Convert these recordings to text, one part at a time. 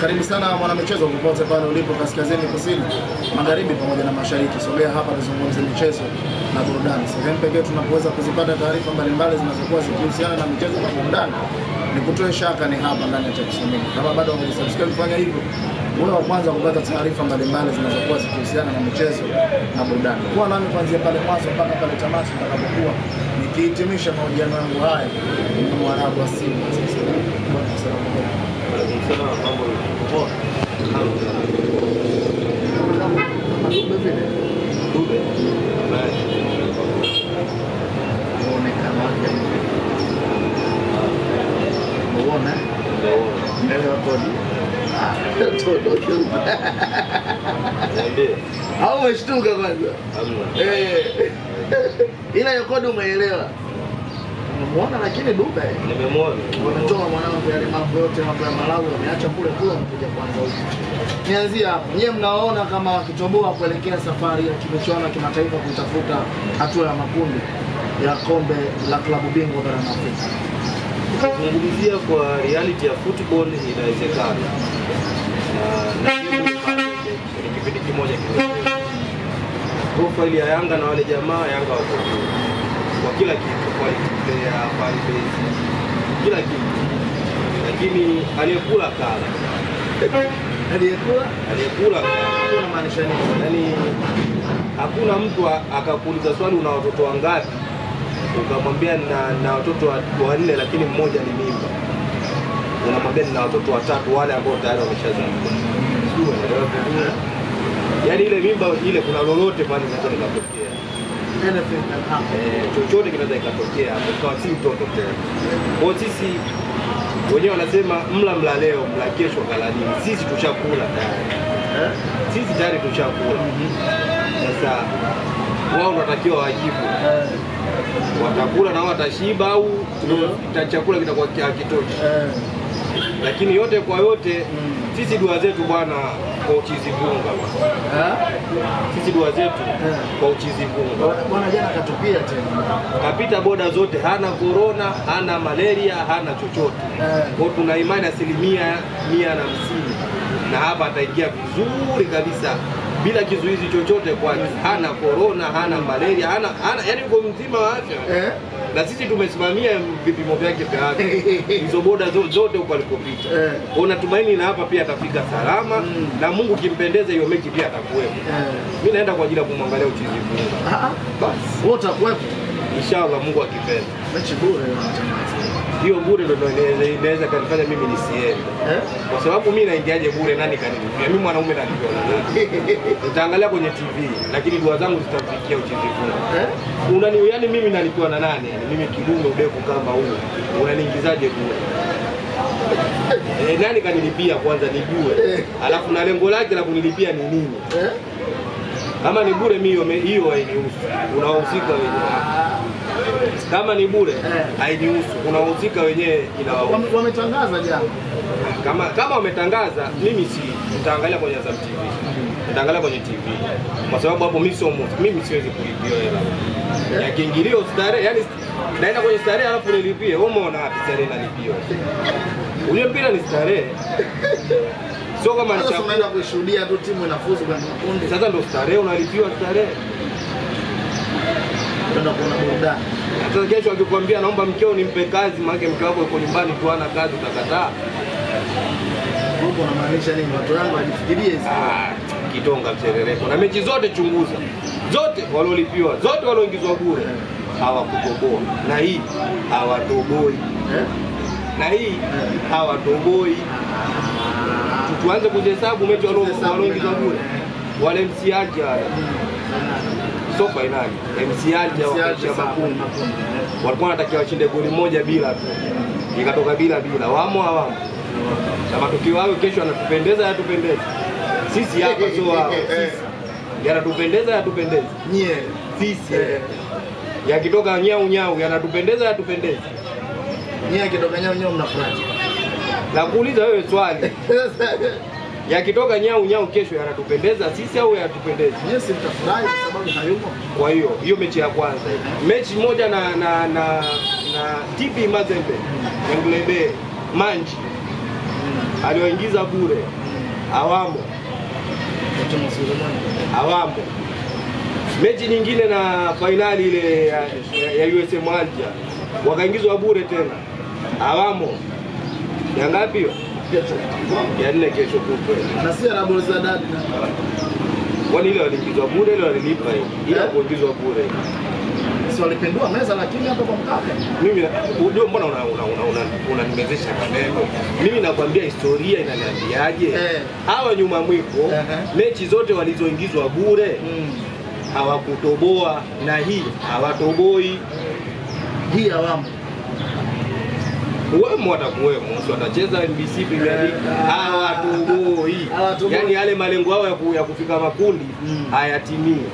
Karibu sana mwanamichezo popote pale ulipo, kaskazini, kusini, magharibi pamoja na mashariki. Sogea hapa tuzungumze michezo na burudani, sehemu pekee tunapoweza kuzipata taarifa mbalimbali zinazokuwa zikihusiana na michezo na burudani. ni kutoe shaka ni hapa ndani ya TaksMM. Kama bado hujasubscribe, fanya hivyo uwe wa kwanza kupata taarifa mbalimbali zinazokuwa zikihusiana na michezo na burudani. Kuwa nami kuanzia pale mwanzo mpaka pale tamati nitakapokuwa nikihitimisha mahojiano yangu haya na mwarabu wa Simba. Au umeshtuka kwanza. Eh. Ila Yakodo umeelewa. Nimemuona lakini Dube. Eh, Nimemwona. Wametoa mwanangu yale mambo yote mambo ya Malawi wameacha kule kule kuja kwanza huko. Nianzia hapo. Nyie mnaona kama wakitoboa kuelekea safari ya michuano ya kimataifa kutafuta hatua ya makundi ya kombe la klabu bingwa barani Afrika. Kuzungumzia kwa reality ya football inawezekana. Na kipindi kimoja kile. Profile ya Yanga na wale jamaa Yanga wako kwa kila kitu, kwa fair, fanbase, kila kitu, lakini aliyekula kala aliyekula aliyekula inamaanisha nini? Yani hakuna mtu akakuuliza swali una watoto wangapi ukamwambia na, na watoto wanne lakini mmoja ni mimba, unamwambia nina watoto watatu wale ambao tayari wameshazaliwa. Yaani ile mimba ile kuna lolote pale inaweza likatokea. Eh, chochote kinaweza ikatokea ikawa si mtoto tena. Kwa sisi wenyewe wanasema mla mla leo mla kesho galani, Sisi tushakula tayari eh? Sisi tayari tushakula. Sasa wao wanatakiwa wajibu eh. watakula na watashiba au yeah. chakula kitakuwa hakitoshi Lakini yote kwa yote mm. sisi dua zetu bwana kwa uchizi mvunga sisi dua zetu kwa uchizi mvunga. Bwana jana katupia tena, kapita boda zote, hana korona, hana malaria, hana chochote Kwa Tuna imani asilimia mia na hamsini na hapa ataingia vizuri kabisa bila kizuizi chochote, kwani hmm. hana korona, hana malaria, hana, hana yani uko mzima wa afya eh na sisi tumesimamia vipimo vyake vya afya hizo boda zote huko alikopita. Eh. Kwa natumaini na hapa pia atafika salama mm. na Mungu kimpendeze hiyo mechi pia atakuwepo. Eh. Mimi naenda kwa ajili ya kumwangalia uchizi funga. Ah, ah. Basi wewe utakuwepo inshallah, Mungu akipenda. Mechi bure hiyo bure ndio inaweza kanifanya mimi nisiende eh? kwa sababu mimi naingiaje bure? Nani kanilipia mimi? Mwanaume naliona nitaangalia kwenye TV, lakini dua zangu zita kufikia uchizi eh? Unani yani mimi nalikuwa na nani yani mimi kidume udevu kama huu unaniingizaje bure? Eh, nani kanilipia kwanza nijue eh? Alafu na lengo lake la kunilipia ni nini eh? Kama ni bure mimi hiyo hainihusu, unawahusika wewe. Kama ni bure eh. hainihusu, Unahusika wenyewe, inawahusu. Wametangaza jana kama kama wametangaza, mimi si nitaangalia kwenye Azam TV, nitaangalia kwenye TV kwa sababu hapo mimi sio mtu, mimi siwezi kulipia hela ya kiingilio starehe, yani naenda kwenye starehe alafu nilipie. Wewe umeona wapi starehe nalipia? Ujue mpira ni starehe, sio kama ni chakula. Unaenda kushuhudia tu timu inafuzu kwenye makundi, sasa ndio starehe, unalipiwa starehe kwenda kuona burudani. Sasa kesho akikwambia naomba mkeo nimpe kazi, maana mke wako yuko nyumbani tu ana kazi, utakataa. Huko unamaanisha nini? Watu wangu wajifikirie ah, kitonga mserereko. Na mechi zote chunguza, zote walolipiwa, zote walioingizwa bure eh. hawakutoboa, na hii hawatoboi eh? na hii eh. hawatoboi. Ah. Tuanze kuzihesabu mechi walioingizwa bure wale msiaja hmm. so fainali msiaja wakaishia makundi, walikuwa wanatakiwa washinde goli moja bila tu, ikatoka bila bila, wamo hawamo na matukio hayo kesho yanatupendeza yatupendeza sisi hapa, eh, eh, sio eh, wao. Yanatupendeza yatupendeza nyie, sisi yakitoka nyau nyau yanatupendeza yatupendeze nyie, yakitoka nyau nyau mnafurahi. Nakuuliza wewe swali yakitoka nyau nyau kesho yanatupendeza sisi au yatupendeze? Yes, mtafurahi kwa sababu hayumo. Kwa hiyo hiyo mechi ya kwanza, mechi moja na na na, na TP Mazembe Yanglebe Manji aliwaingiza bure, awamo awamo. Mechi nyingine na fainali ile ya, ya USM wakaingizwa bure tena, awamo. Ya ngapi hiyo? Ya nne, kesho Na si za kwani ile waliingizwa bure, ile walilipa, ila eh? kuingizwa bure si walipendua meza, lakini hapo kwa Mkapa. Mimi unajua, mbona unanimezesha maneno? Mimi nakwambia historia inaniambiaje? Eh. Hawa nyuma mwiko mechi zote walizoingizwa bure mm. hawakutoboa, na hii hawatoboi hii awamu kuwemo watakuwemo, si watacheza NBC Premier League, eh. hawatoboi. Yani yale malengo yao ya kufika makundi mm. hayatimii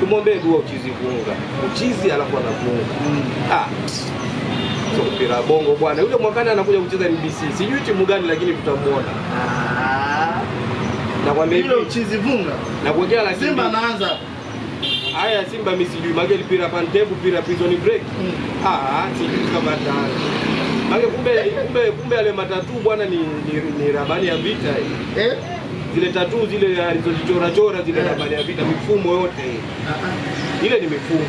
tumwombee dua uchizi kuunga uchizi, alafu anakuunga mm. ah. So, mpira bongo bwana, yule mwakani anakuja kucheza NBC, sijui timu gani, lakini tutamuona na kwa mimi uchizi vunga na kwa jala Simba anaanza haya Simba, mimi sijui mageli pira pantebu pira prison break mm. ah, ah sijui kama Mage kumbe kumbe kumbe, yale matatu bwana ni, ni, ni, rabani ya vita eh zile tatu zile alizozichorachora zile habari ya vita, mifumo yote ile ni mifumo.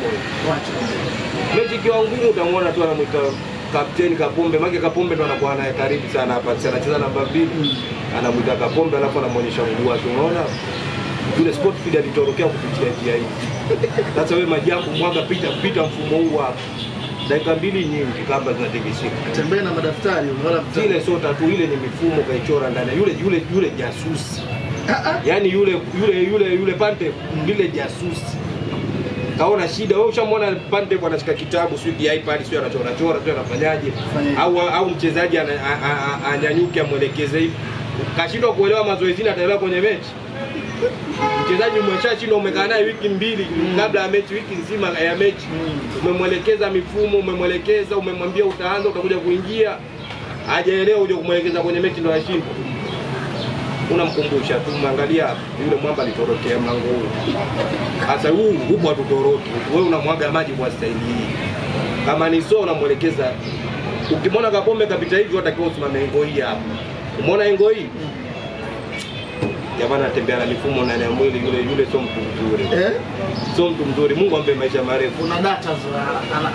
Mechi ikiwa ngumu, utamwona tu anamwita kapteni Kapombe, maana Kapombe ndo anakuwa naye karibu sana hapa, anacheza namba mbili, anamwita Kapombe alafu anamwonyesha mguu wake, unaona yule feed alitorokea kupitia njia hii. Sasa wewe majambo mwaga, pita pita mfumo huu hapa dakika mbili nyingi kabla zinatikisika, atembee na madaftari. Unaona zile sio tatu, ile ni mifumo kaichora ndani yule yule yule jasusi ah, ah. yaani yule yule yule yule pante yule jasusi kaona shida. Wewe ushamwona pante kwa anashika kitabu sio di iPad sio anachora chora tu anafanyaje, au au mchezaji anyanyuke amwelekeze hivi, kashindwa kuelewa mazoezini, ataelewa kwenye mechi mchezaji umesha chini umekaa naye wiki mbili kabla ya mechi, wiki nzima ya mechi umemwelekeza mifumo, umemwelekeza, umemwambia utaanza, utakuja kuingia, hajaelewa, uje kumwelekeza kwenye mechi ndo ashinde. Unamkumbusha tu, mwangalia yule mwamba alitorokea mlango huu. Sasa huu nguvu hatutoroki, wewe unamwaga maji kwa staili hii. Kama ni so, unamwelekeza ukimwona Kapombe kapita hivi, watakiwa usimame engo hii hapa. Umeona engo hii mm jamaa anatembea na mifumo na ya mwili, yule yule sio mtu mzuri eh? Sio mtu mzuri. Mungu ampe maisha marefu. Kuna data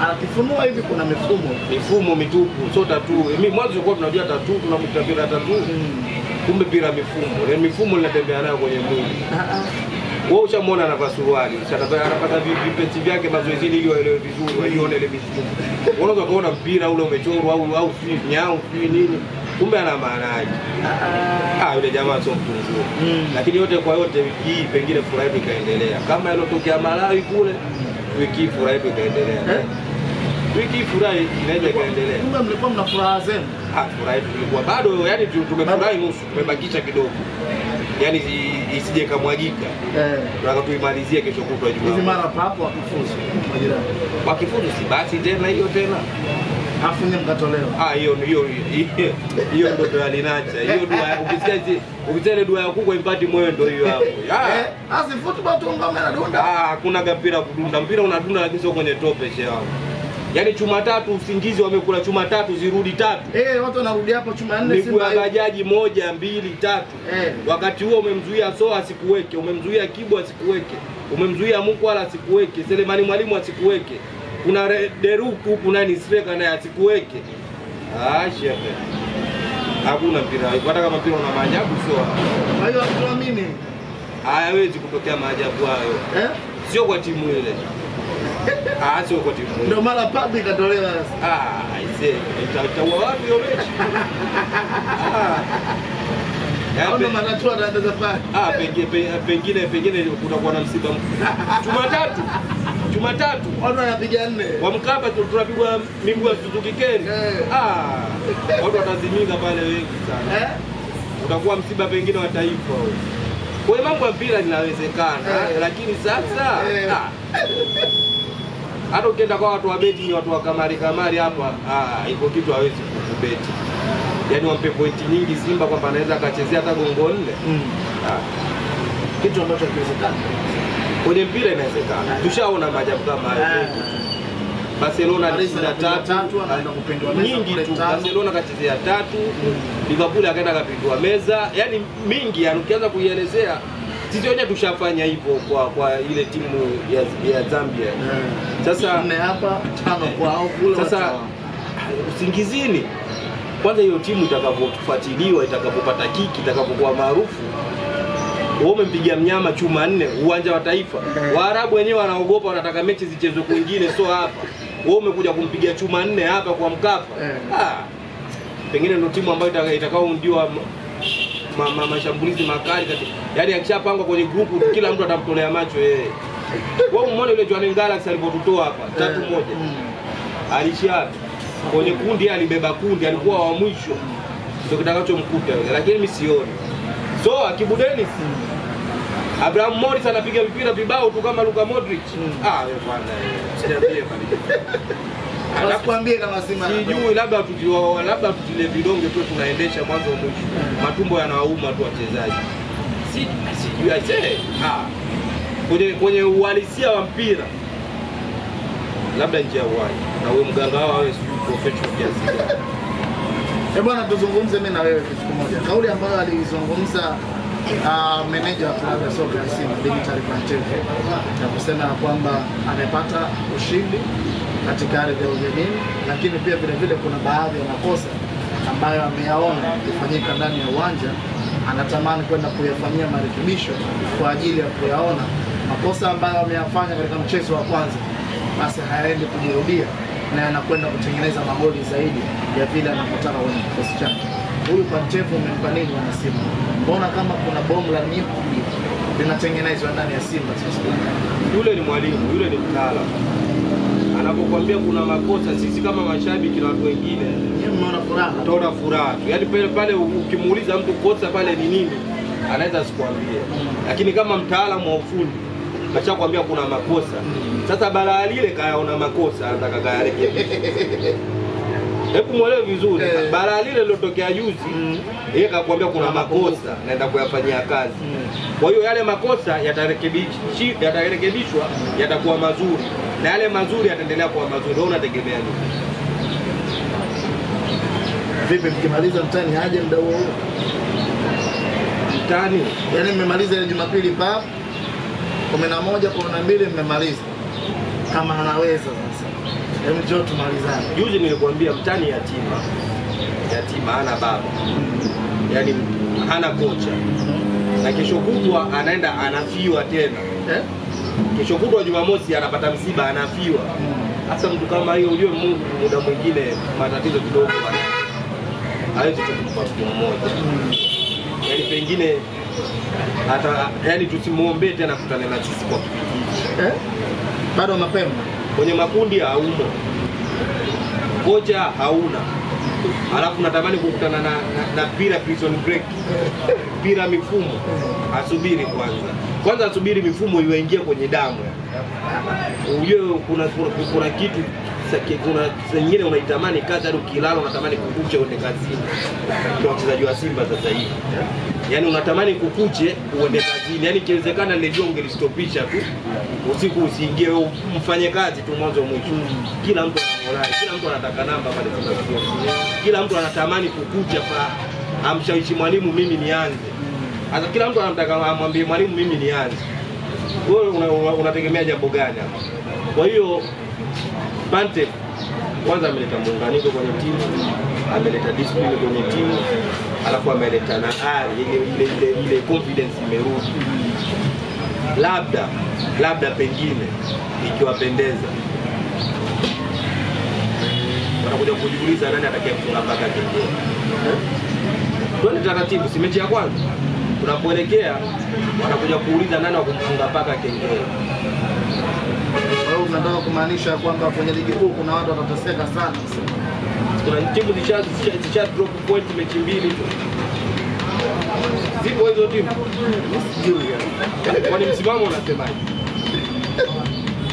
anakifunua hivi, kuna mifumo mifumo mitupu, sio tatu. Mimi mwanzo ulikuwa tunajua tatuu, tunakuta bila tatu mm. Kumbe bila mifumo, ni yaani mifumo linatembea nayo kwenye mwili ah, ah. wewe ushamwona anavaa suruali, anapata vipi vipensi vyake mazoezini ili waelewe vizuri, waione ile mifumo. Unaweza kuona mpira ule umechorwa au au nyao sijui nini kumbe ana maana yake. Uh-uh. Ah, yule jamaa sio mtu mzuri. Mm. Lakini yote kwa yote, wiki hii pengine furaha yetu ikaendelea kama ilotokea Malawi kule, wiki hii furaha yetu ikaendelea eh? wiki furaha inaweza ikaendelea. Kumbe mlikuwa mna furaha zenu? Ah, furaha yetu ilikuwa bado, yani tumefurahi nusu, tumebakisha kidogo yani isije kamwagika, tunataka eh. tuimalizie kesho kutwa mara papo wakifuzu majirani, si basi tena hiyo tena afu mkatolewa. Ah, hiyo hiyo hiyo ndio dua Hiyo ukisikia ile dua ya kukwa ipati moyo ndio hiyo hapo. Ah, eh, asi dunda. Ah, kudunda. Mpira unadunda lakini sio kwenye tope shehe wangu. Yaani chuma tatu usingizi wamekula chuma tatu zirudi tatu. Eh, watu wanarudi hapo chuma nne Simba. bajaji moja, mbili, tatu. Eh. Wakati huo umemzuia Soa asikuweke, umemzuia Kibwa asikuweke, umemzuia Mukwala asikuweke, Selemani Mwalimu asikuweke. Kuna Deruku huku nani striker naye asikuweke. Ah, shefe. Hakuna mpira. Hata kama mpira una maajabu Soa. Kwa hiyo mimi hayawezi kutokea maajabu hayo. Eh? Sio kwa timu ile. Ah, sio koti mkuu. Ndio mara public katolewa sasa. Ah, aisee, itaua wapi hiyo mechi? Ah. Ah, ah, pengine pengine kutakuwa na msiba Jumatatu Jumatatu watu wanapiga nne kwa Mkapa tunapigwa miguu ya Suzuki Keni. Eh. Ah, watu wataziminga pale wengi sana, eh? utakuwa msiba pengine wa taifa kwa mambo ya mpira linawezekana, eh. lakini sasa hata ukienda kwa watu wa beti ni watu wa kamari kamari hapa, ah, iko kitu hawezi kukubeti. Yaani wampe pointi nyingi Simba kwamba anaweza akachezea hata gongo nne. Mm. Ah. Kitu ambacho hakiwezekani. Kwenye mpira inawezekana. Tushaona maajabu kama hayo. Eh. Barcelona alishinda tatu nyingi tu. Barcelona kachezea tatu, mm. Liverpool akaenda kapindua meza, yaani mingi, ukianza kuielezea sisi wenyewe tushafanya hivyo kwa kwa ile timu ya, ya Zambia hmm. Sasa hapa tano kwao kule, sasa usingizini kwanza, hiyo timu itakapofuatiliwa, itakapopata kiki, itakapokuwa maarufu wewe umempigia mnyama chuma nne uwanja wa Taifa. Eh. Waarabu wenyewe wanaogopa, wanataka mechi zichezwe kwingine, so hapa wewe umekuja kumpigia chuma nne hapa kwa Mkapa. Eh. Ah, pengine ndio timu ambayo itakao ndio ma, ma, mashambulizi makali kati. yani akishapangwa kwenye grupu kila mtu atamtolea macho yeye. Wewe umeona yule Joan Galaxy alipotutoa hapa eh, tatu moja mm. alishia kwenye kundi, yeye alibeba kundi, alikuwa wa mwisho, ndio kitakachomkuta yule, lakini mimi sioni. So Akibu Dennis mm. Abraham Morris anapiga mpira vibao tu kama Luka Modric. Mm. Ah, bwana. Eh, Sijaambia Nakwambia kama sima. Sijui labda tukiwa labda tutile vidonge tu tunaendesha mwanzo mwisho. Matumbo yanawauma tu wachezaji. Sijui aje. Ah. Kwenye kwenye uhalisia wa mpira labda nje ya na wewe mganga wao awe sijui professional kiasi Eh, bwana tuzungumze mimi na wewe kitu kimoja. Kauli ambayo alizungumza uh, meneja wa klabu ya soka ya Simba Dimitri Pantev na kusema kwamba amepata ushindi katika ardhi ya ugenini, lakini pia vilevile kuna baadhi ya makosa ambayo ameyaona kufanyika ndani ya uwanja, anatamani kwenda kuyafanyia marekebisho kwa ajili ya kuyaona makosa ambayo ameyafanya katika mchezo wa kwanza, basi hayaendi kujirudia na anakwenda kutengeneza magoli zaidi ya vile anapotaka kwenye kikosi chake. Huyu Pantevu umempa nini wana Simba? Mbona kama kuna bomu la nipo linatengenezwa ndani ya Simba sasa? Yule ni mwalimu, yule ni mtaalamu anapokuambia kuna makosa, sisi kama mashabiki na watu wengine tona furaha tu, yaani pale pale ukimuuliza mtu kosa pale ni nini, anaweza sikuambia, lakini kama mtaalamu wa ufundi kuambia kuna makosa. Sasa balaa lile kayaona makosa, anataka kayarekebisha hebu mwelewe vizuri eh. Balaa lile lilotokea juzi mm. yeye kakwambia kuna makosa naenda kuyafanyia kazi mm. Kwa hiyo yale makosa yatarekebishwa, yatarekebishwa, yatakuwa mazuri na yale mazuri yataendelea kuwa mazuri. Wewe unategemea nini? Vipi mkimaliza mtani aje mdau huo mtani? Yaani mmemaliza ile Jumapili pa kumi na moja kumi na mbili mmemaliza, kama anaweza sasa Yaani njoo tumalizane. Juzi nilikwambia mtani yatima. Yatima hana baba. Yaani hana kocha. Na kesho kutwa anaenda anafiwa tena. Eh? Kesho kutwa Jumamosi anapata msiba anafiwa. Hasa mtu kama hiyo ujue Mungu muda mwingine matatizo kidogo bana. Hawezi kutupa mmoja. Yaani pengine hata yani tusimuombe tena kutane na sisi kwa kipindi. Eh? Bado mapema kwenye makundi haumo, kocha hauna, alafu natamani kukutana na, na, na pira prison break, pira mifumo. Asubiri kwanza kwanza, asubiri mifumo iwaingie kwenye damu, ujue kuna, kuna, kuna kitu kuna zingine unaitamani kazi hadi ukilala unatamani kukuche uende kazini. kwa wachezaji wa Simba sasa hivi, yeah. Yani unatamani kukuche uende kazini, yani ikiwezekana lile jua ungelistopisha tu usiku, usiingie mfanye kazi tu mwanzo mwisho. Kila mtu anamolai, kila mtu anataka namba pale Simba Sports, kila mtu anatamani kukuche pa amshawishi mwalimu mimi nianze. Sasa kila mtu anamtaka amwambie mwalimu mimi nianze. Wewe unategemea una, una jambo gani hapa? Kwa hiyo Bante kwanza ameleta muunganiko kwenye timu, ameleta discipline kwenye timu, alafu ameleta na ari ile ile ile ile confidence imerudi. Labda labda pengine ikiwapendeza wanakuja kujiuliza nani atakaye kufunga mpaka kengele. Eh? Tuende taratibu, si mechi ya kwanza tunapoelekea wanakuja kuuliza nani wa kumfunga mpaka kengele tunataka kumaanisha kwamba kwenye ligi kuu kuna watu watateseka sana. Kuna timu zisha drop point mechi mbili tu zipo hizo timu, kwani msimamo unasemaje?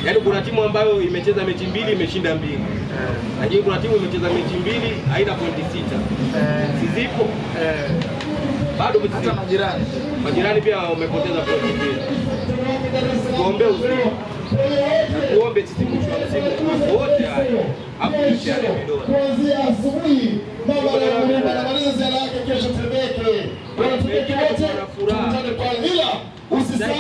Yaani kuna timu ambayo imecheza mechi mbili imeshinda mbili, lakini kuna timu imecheza mechi mbili haina pointi sita, si zipo bado hata majirani majirani pia wamepoteza pointi mbili. Tuombee uzuri kuanzia asubuhi anamaliza ziara yake kesho Temeke. Wanatemeke wote tukutane kwa hila, usisahau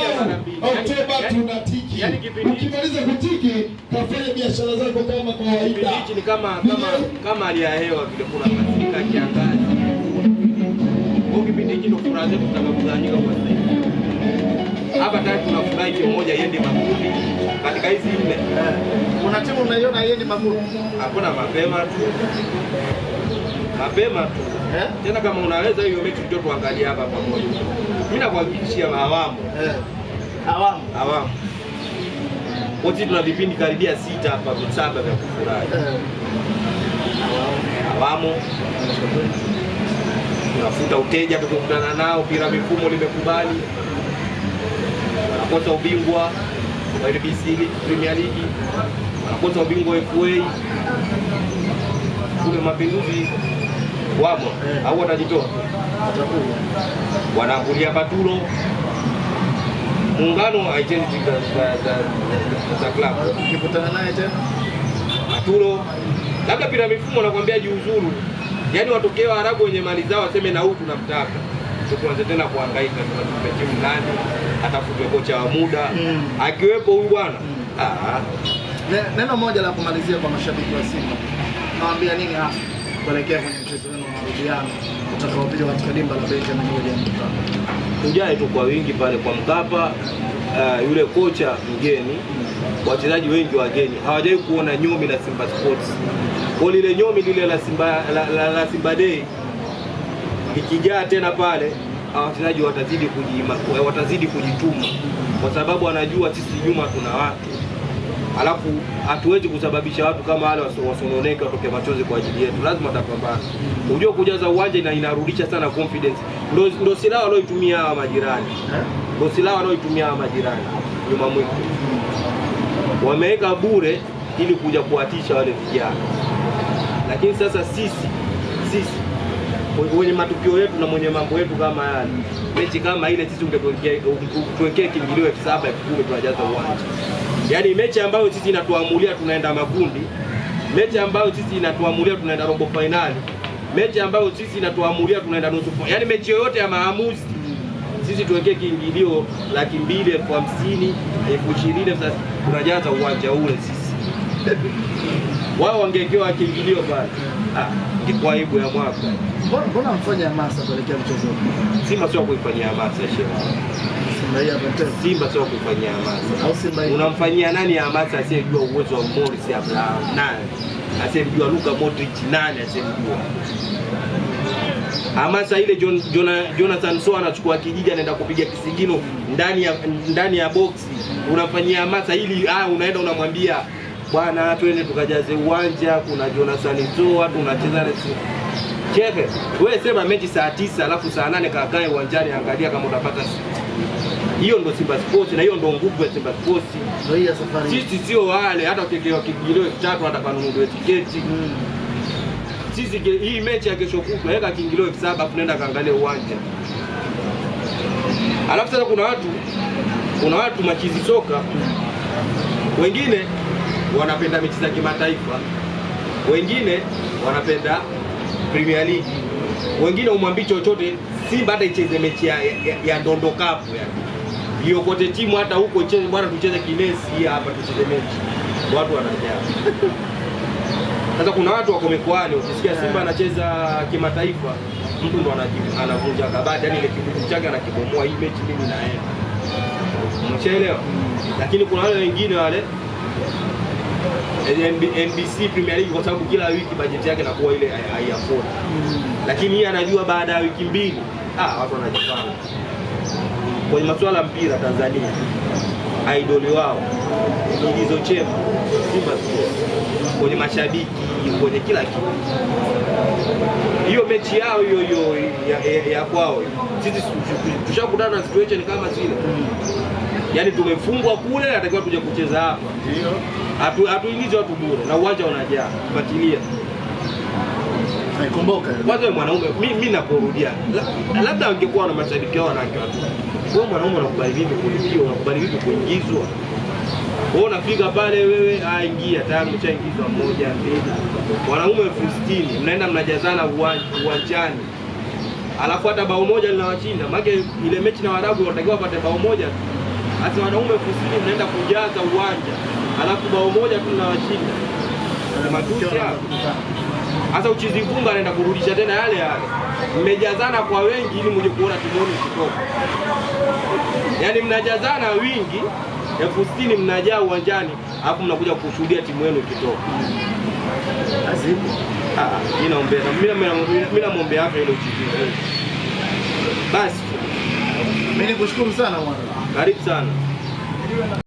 Oktoba yaani, tunatiki. Yaani Ukimaliza kutiki, kafanya biashara zako kama kawaida. ni kama kama kama hali ya hewa vile, kuna katika kiangazi. Kwa kipindi hiki ndio furaha zetu tutakapozanyika kwa sasa hapa tayari tunafurahi timu moja iende makundi katika hizi nne. Kuna timu unaiona iende makundi? Hakuna, mapema tu, mapema tu eh? Tena kama unaweza hiyo mechi ndio tuangalie hapa pamoja. Mimi nakuhakikishia awamu eh. Awamu awamu wote tuna vipindi karibia sita hapa saba vya kufurahi eh. Awamu tunafuta uteja tukikutana nao, pira mifumo limekubali wanakosa ubingwa wa NBC Premier League, wanakosa ubingwa wa FA. Kule Mapinduzi wamo au watajitoa, wanakulia Batulo muungano wa identity za, za, klabu. Ukikutana naye tena Batulo, labda pira mifumo anakuambia jiuzuru, yaani watokee Waarabu wenye mali zao waseme na huyu tunamtaka tuanze tena kuhangaika tupe timu nani, atafutwe kocha wa muda mm. akiwepo huyu bwana mm. ah. Neno moja la kumalizia kwa mashabiki wa Simba, nawaambia nini hasa kuelekea kwenye mchezo wenu wa marudiano utakaopigwa katika dimba la Benjamin Mkapa? Ujae tu kwa wingi pale kwa Mkapa. Uh, yule kocha mgeni, mm. wachezaji wengi wageni, hawajawahi kuona nyomi la Simba Sports. Kwa lile nyomi lile la Simba, la, la, la Simba Day ikijaa tena pale wachezaji watazidi kujima, watazidi kujituma kwa sababu anajua sisi nyuma tuna watu, alafu hatuwezi kusababisha watu kama wale wasononeke watoke machozi kwa ajili yetu, lazima atapambana. Unajua kujaza uwanja ina, inarudisha sana confidence, ndio silaha wanaoitumia hawa majirani, ndio silaha wanaoitumia hawa majirani nyuma mwiko wameweka bure ili kuja kuwatisha wale vijana, lakini sasa sisi sisi wenye matukio yetu na mwenye mambo yetu kama yale. Mechi kama ile sisi ungetuwekea kiingilio elfu saba elfu kumi tunajaza uwanja, yaani mechi ambayo sisi inatuamulia tunaenda makundi, mechi ambayo sisi inatuamulia tunaenda robo fainali, mechi ambayo sisi inatuamulia tunaenda nusu fainali, yaani mechi yoyote ya maamuzi sisi tuwekee kiingilio laki mbili elfu hamsini elfu ishirini tunajaza uwanja ule sisi wao wangewekewa kiingilio basi ndipo aibu ya mwaka. Mbona mfanya hamasa kuelekea mchezo? huu? Simba sio kuifanyia hamasa shehe. Simba sio kuifanyia hamasa. Unamfanyia nani hamasa asiyejua uwezo wa Morris Abraham? Nani asiyemjua Luka Modric? Nani asiyemjua hamasa ile John, Jonathan Soa anachukua kijiji anaenda kupiga kisigino ndani ya, ndani ya boxi, unafanyia hamasa ili ah, unaenda unamwambia bwana, twende tukajaze uwanja, kuna Jonas Toa tunacheza chehe. Wewe sema mechi saa tisa alafu saa nane kakae uwanjani, angalia kama utapata hiyo ndo Simba Sports na hiyo ndo nguvu ya Simba Sports. Ndio hiyo safari. Sisi sio wale, hata ukilewa kigilio elfu tatu hata kanunuliwe tiketi mm. Sisi hii mechi ya kesho kutwa, weka kiingilio elfu saba tunaenda kaangalia uwanja. Alafu sasa kuna watu kuna watu machizi soka mm. wengine wanapenda mechi za kimataifa, wengine wanapenda Premier League, wengine umwambie chochote Simba hata icheze mechi ya, ya, ya Ndondo Cup yani iokote timu hata huko cheze, bwana, tucheze kinesi hapa, tucheze mechi, watu wanajaa. Sasa kuna watu wako mikoani, ukisikia Simba anacheza kimataifa, mtu ndo anavunja kabati, yani ile kibutu chake anakibomoa, hii mechi mimi naenda, mshaelewa. Lakini kuna wale wengine wale NBC Premier League kwa sababu kila wiki bajeti yake inakuwa ile haiafford. Lakini yeye anajua baada ya wiki mbili ah, watu wanajipanga. Kwenye masuala ya mpira Tanzania idoli wao ilizochema Simba kwenye mashabiki, kwenye kila kitu. Hiyo mechi yao hiyo hiyo ya, ya, ya kwao, sisi tushakutana na situation kama zile. Yaani tumefungwa kule, natakiwa tuje kucheza hapa. Ndio. Hatuingizi watu bure na uwanja unajaa. Fuatilia. Naikumbuka. Kwanza mwanaume mimi nakurudia. Labda angekuwa na mashabiki wao wanawake watu. Wewe mwanaume unakubali vipi kulipiwa? Unakubali vipi kuingizwa? Wewe unafika pale wewe, aingia ah, tayari umeshaingizwa moja mbili. Wanaume elfu sitini mnaenda mnajazana uwanjani. Alafu hata bao moja linawachinda. Maana ile mechi na Warabu wanatakiwa wapate bao moja tu hata wanaume kusini mnaenda kujaza uwanja alafu bao moja tu tunawashinda matusi hapo. Sasa anaenda kurudisha tena yale yale, mmejazana kwa wengi ili mje kuona timoni yenu Yaani mnajazana wingi elfu sitini mnajaa uwanjani, alafu mnakuja kushuhudia timu yenu ikitoka. Azibu. Ah, ah, mimi mimi namwombea afya ile uchizi. Basi. Mimi nikushukuru sana mwana. Garip